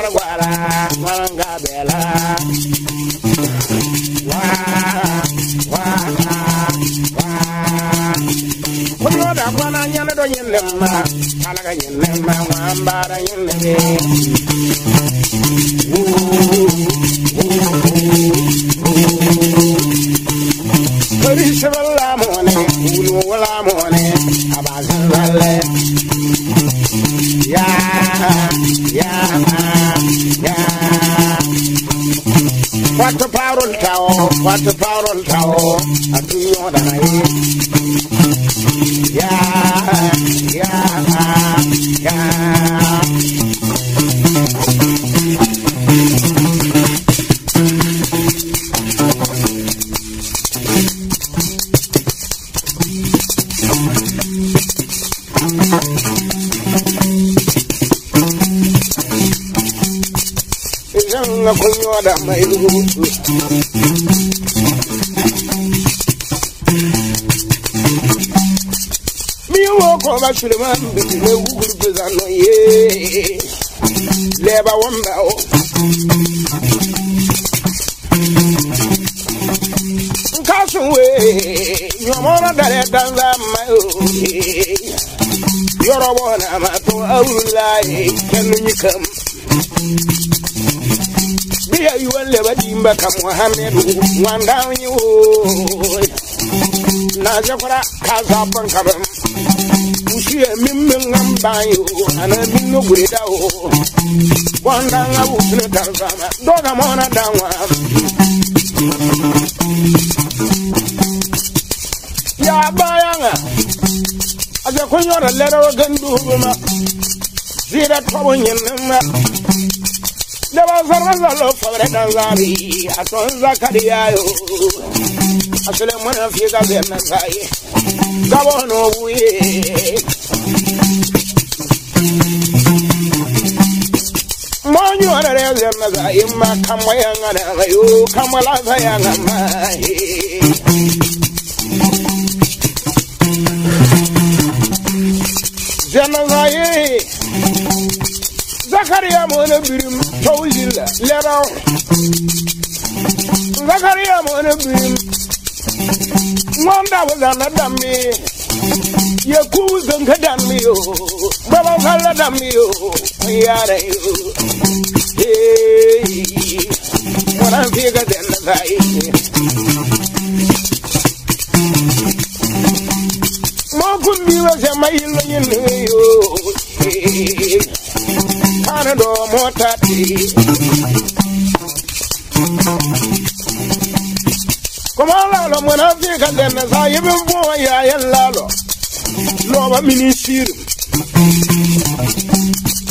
warwara maranga bela wa wa wa kuno da kwana nyana do nyenne ma kala ga nyenne ma wamba da nyenne be Kari shabala mone, ulu wala mone, What about on tower? I do you on the Yeah, yeah, yeah. Idan na kun yi wa da mai rubutu. Never koba Suleiman biti ne wugul bezano ye leba wamba o nkasun we nyomora dare danza mayo yorobo na mato awulai kanu nyikam biya yuwan leba dimba ka Muhammadu one nyi you na jakwara kaza zaɓan kaban ushi ya mimmin bayo ana min no gure wanda nga wusne tarzana doga mona dawa. ya bayanga aja kunyora lera wa gandu huma zira tobo nyenna Deba zarra zalo fabre danzari, aton zakariyayo you I'm I asole mwana fika bema baye gabono buye monyo you bema baye makamwa yangana yo kamala bayanga I'm baye Zakaria, mwana birim tawzila lera zakariya mwana birim mwamba wazana dami yekuza nkadami yo baba nkala dami yo yara yo mwanamfika tena zaidi mokumbiwa chama ilo yinu yo I do not motati Come on, lalo when I na sahibin buwa yayin lalo "Even mini I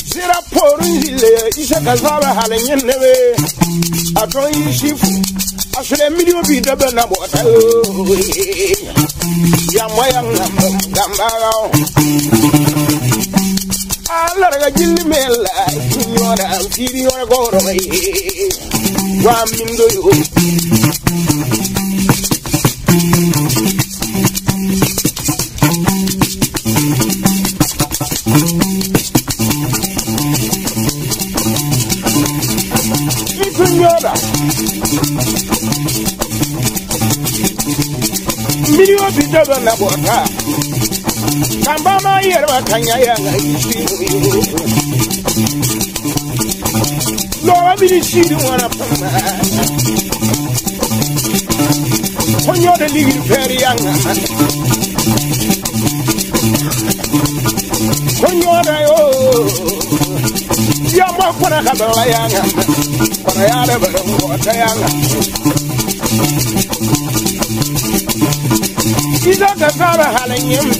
sira porun hile isa ka zaba halin yin nabe a ton yi shifu a sule miliyo bi dabe na bota yamma yamma gambara Allah daga jilli mai lai yora goro mai ti dɔbɔ na bɔta kamba ma yɛrɛ ma ka nya yɛ ŋa yi si lɔɔre bi ni si di ŋwana pama ko nyɔ de ligiri ka She's on the power hallelujah.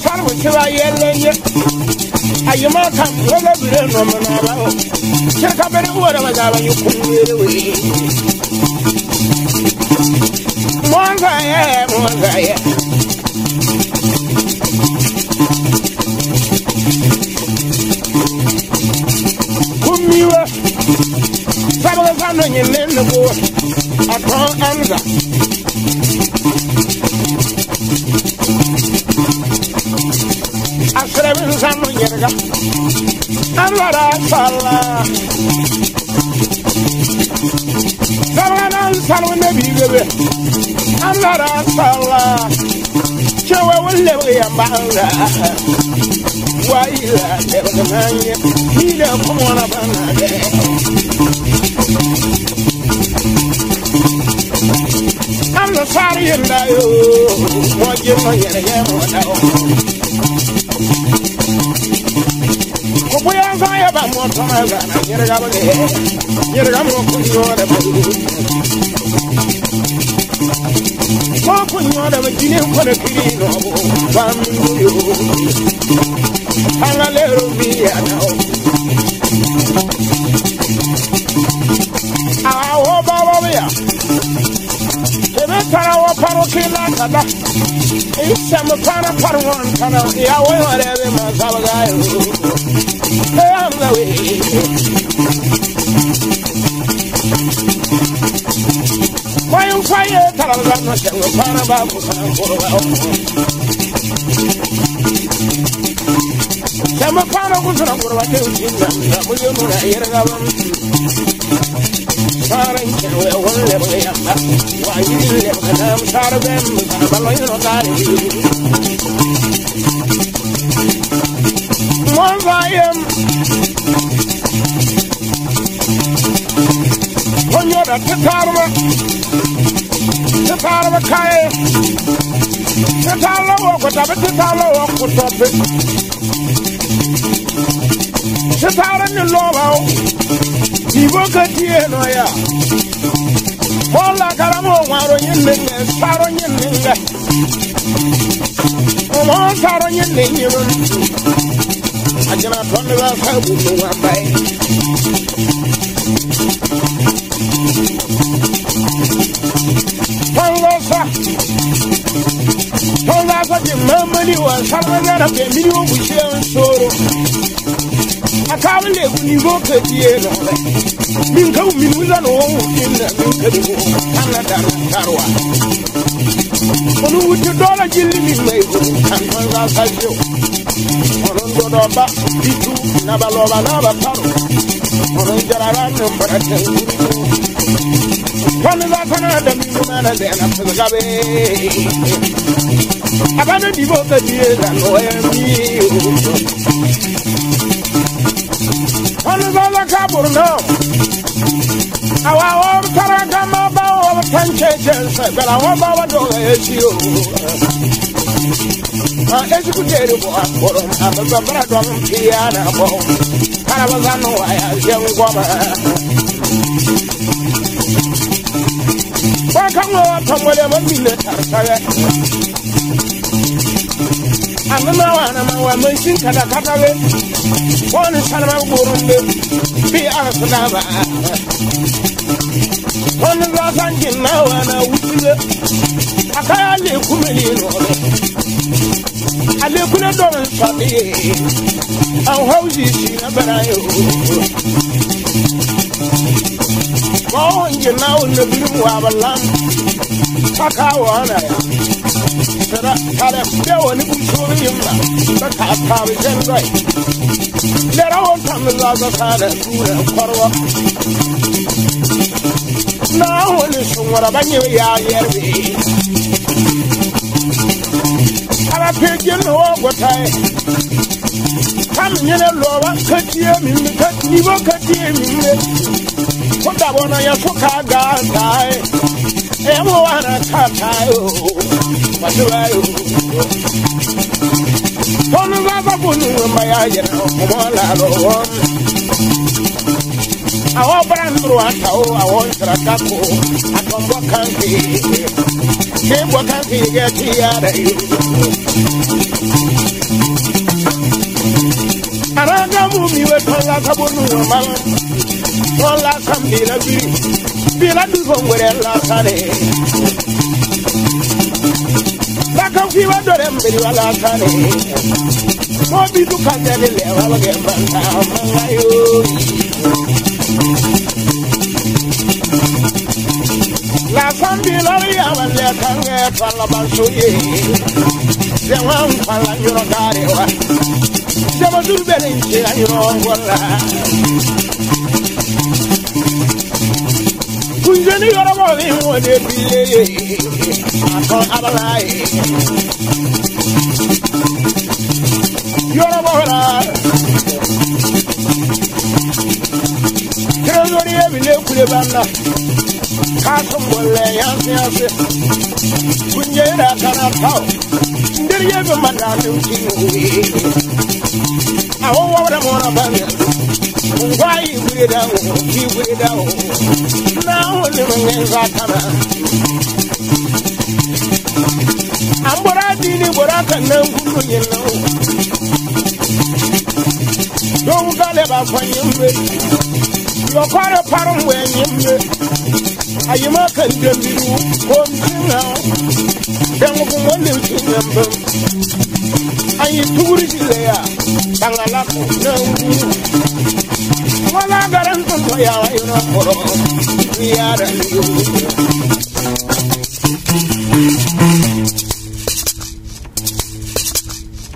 Far we kill a yellow yet. I am not come to the blue no Check up any word of a you can get away. One guy, one guy. Come here. Travel around on your men, the war. I can't answer. sanu yerga alwara sala Sarwana sarwa nabi bebe alwara sala chewa wulle we yamba ala wa ila lebga nanye ila kuma na bana de Amna you. yenda yo mo jema I'm dawo I am a little bit of a mo ku yo da ba ko ku yo da ba jine ko na kiri tarangana jango Mon vayem Onyo titala bakaye titala wo kutabe titala wo kutabe titala ni loba o ibo katie no ya hola karamo waro yinne saro yinne omo saro yinne ajana tonne ba sabu no fadin mamali wa sarwana na fe mini wo bushe an soro akawo go e ka na min ka min wuza no wo inna min ka kana dar darwa onu wuti dola jilli min mai go kan man ga jo onon do do ba bitu na ba lo ba na ba paro onon jarara no bara tan One is often at the man and then after the gabe. About a devoted years and where me. One is all a couple now. Our old but our a brother from Piana. Carabazano, I have young woman. wale man mi na tarkare amma wa na ma wa mun shin kada kakare wani salma gurun ne bi an suna ba wani rasan jin na wa na wutule akaya le kuma ne no ale kuna don sabi an hauji shi na barayo Wọ́n ń jẹ náà ó lè bí wà bá lánàá baka wana ya tara kare da wani kusuri yimla da ka tabi jan rai da rawon tam za ka kare tura korwa na wani sunwara banye ya yarbe kara pejin na wa gotai kam nyene loba katiye min katiye min katiye min ko da bona ya suka ga dai eh. emu wana tata yo matuwa yo. Tonu baba kunu maya yena kumola lo. Awo brandru ata o awo nsirata ko atombo kanki. Kimbo kanki geti yare yo. Aranga mumi we kanga kabunu mama. Ola sambila bi Bila du gongore la sare Baka fiwa dore mbili wala sare Mobi du kante ni lewa wage mbanda Manga yo La sambila li awale kange Kala bansu ye Zewa mkwala nyuro gare wa Zewa dulbele nchira nyuro ngola i yɔrɔ bɔ mi mɔ de bi ye a sɔn abala ye yɔrɔ bɔ la tirezori why you wait down, you wait down. Now living in Zakana. I'm what I did, what I can know, you know. Don't go ever for you're ready. You're quite a pattern when you're ready. I am a condemned you, come now. Then we'll go on to number. And you're too rich there. Tangalako, no. We are the ko